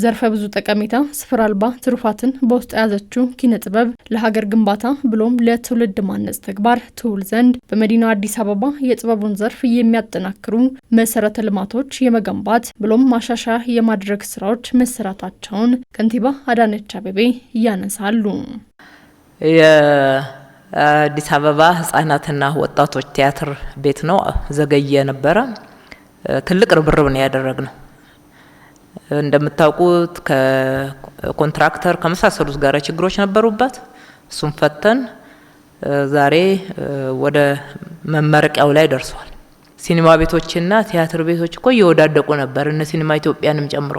ዘርፈ ብዙ ጠቀሜታ ስፍር አልባ ትሩፋትን በውስጥ የያዘችው ኪነ ጥበብ ለሀገር ግንባታ ብሎም ለትውልድ ማነጽ ተግባር ትውል ዘንድ በመዲናው አዲስ አበባ የጥበቡን ዘርፍ የሚያጠናክሩ መሰረተ ልማቶች የመገንባት ብሎም ማሻሻያ የማድረግ ስራዎች መሰራታቸውን ከንቲባ አዳነች አቤቤ እያነሳሉ። የአዲስ አበባ ህጻናትና ወጣቶች ቲያትር ቤት ነው ዘገየ ነበረ። ትልቅ ርብርብ ነው ያደረግ ነው እንደምታውቁት ከኮንትራክተር ከመሳሰሉት ጋር ችግሮች ነበሩበት። እሱም ፈተን ዛሬ ወደ መመረቂያው ላይ ደርሷል። ሲኒማ ቤቶችና ቲያትር ቤቶች እኮ እየወዳደቁ ነበር፣ እነ ሲኒማ ኢትዮጵያንም ጨምሮ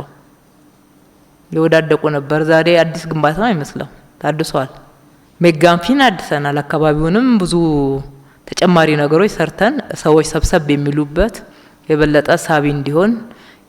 እየወዳደቁ ነበር። ዛሬ አዲስ ግንባታ አይመስለው ታድሷል። ሜጋንፊን አድሰናል። አካባቢውንም ብዙ ተጨማሪ ነገሮች ሰርተን ሰዎች ሰብሰብ የሚሉበት የበለጠ ሳቢ እንዲሆን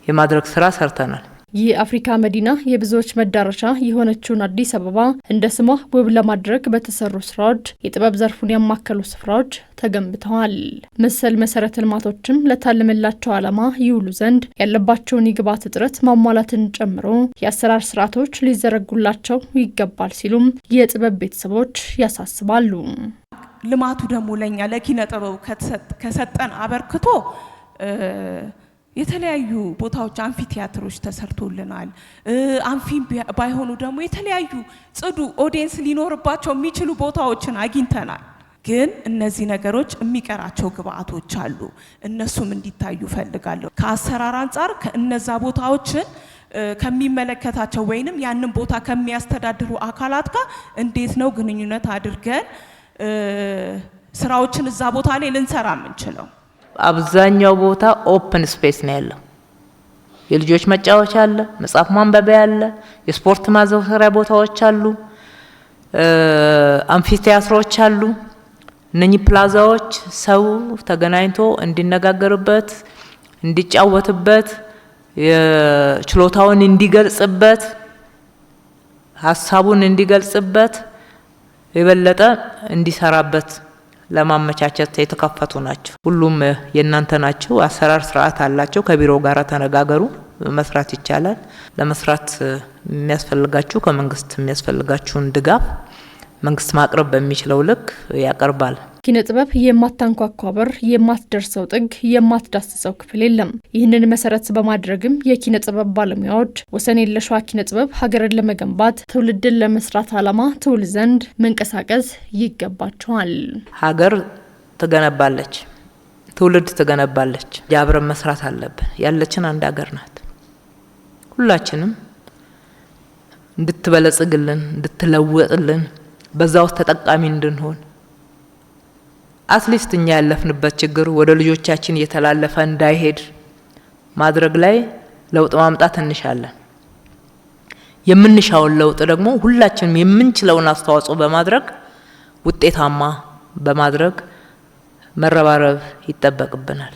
የማድረግ ስራ ሰርተናል። የአፍሪካ መዲና የብዙዎች መዳረሻ የሆነችውን አዲስ አበባ እንደ ስሟ ውብ ለማድረግ በተሰሩ ስራዎች የጥበብ ዘርፉን ያማከሉ ስፍራዎች ተገንብተዋል። መሰል መሰረተ ልማቶችም ለታለመላቸው ዓላማ ይውሉ ዘንድ ያለባቸውን የግብዓት እጥረት ማሟላትን ጨምሮ የአሰራር ስርዓቶች ሊዘረጉላቸው ይገባል ሲሉም የጥበብ ቤተሰቦች ያሳስባሉ። ልማቱ ደግሞ ለእኛ ለኪነ ጥበቡ ከሰጠን አበርክቶ የተለያዩ ቦታዎች አንፊ ቲያትሮች ተሰርቶልናል። አንፊ ባይሆኑ ደግሞ የተለያዩ ጽዱ ኦዲየንስ ሊኖርባቸው የሚችሉ ቦታዎችን አግኝተናል። ግን እነዚህ ነገሮች የሚቀራቸው ግብአቶች አሉ። እነሱም እንዲታዩ ፈልጋለሁ። ከአሰራር አንጻር ከእነዛ ቦታዎችን ከሚመለከታቸው ወይንም ያንን ቦታ ከሚያስተዳድሩ አካላት ጋር እንዴት ነው ግንኙነት አድርገን ስራዎችን እዛ ቦታ ላይ ልንሰራ የምንችለው? አብዛኛው ቦታ ኦፕን ስፔስ ነው ያለው። የልጆች መጫወቻ አለ፣ መጽሐፍ ማንበቢያ አለ፣ የስፖርት ማዘውተሪያ ቦታዎች አሉ፣ አምፊቲያትሮች አሉ። እነኚህ ፕላዛዎች ሰው ተገናኝቶ እንዲነጋገርበት፣ እንዲጫወትበት፣ ችሎታውን እንዲገልጽበት፣ ሀሳቡን እንዲገልጽበት የበለጠ እንዲሰራበት ለማመቻቸት የተከፈቱ ናቸው። ሁሉም የእናንተ ናቸው። አሰራር ስርዓት አላቸው። ከቢሮ ጋር ተነጋገሩ። መስራት ይቻላል። ለመስራት የሚያስፈልጋችሁ ከመንግስት የሚያስፈልጋችሁን ድጋፍ መንግስት ማቅረብ በሚችለው ልክ ያቀርባል። ኪነ ጥበብ የማታንኳኳ በር፣ የማትደርሰው ጥግ፣ የማትዳስሰው ክፍል የለም። ይህንን መሰረት በማድረግም የኪነ ጥበብ ባለሙያዎች ወሰን የለሿ ኪነ ጥበብ ሀገርን ለመገንባት ትውልድን ለመስራት ዓላማ ትውል ዘንድ መንቀሳቀስ ይገባቸዋል። ሀገር ትገነባለች፣ ትውልድ ትገነባለች። አብረን መስራት አለብን። ያለችን አንድ ሀገር ናት። ሁላችንም እንድትበለጽግልን፣ እንድትለወጥልን፣ በዛ ውስጥ ተጠቃሚ እንድንሆን አትሊስት እኛ ያለፍንበት ችግር ወደ ልጆቻችን እየተላለፈ እንዳይሄድ ማድረግ ላይ ለውጥ ማምጣት እንሻለን። የምንሻውን ለውጥ ደግሞ ሁላችንም የምንችለውን አስተዋጽኦ በማድረግ ውጤታማ በማድረግ መረባረብ ይጠበቅብናል።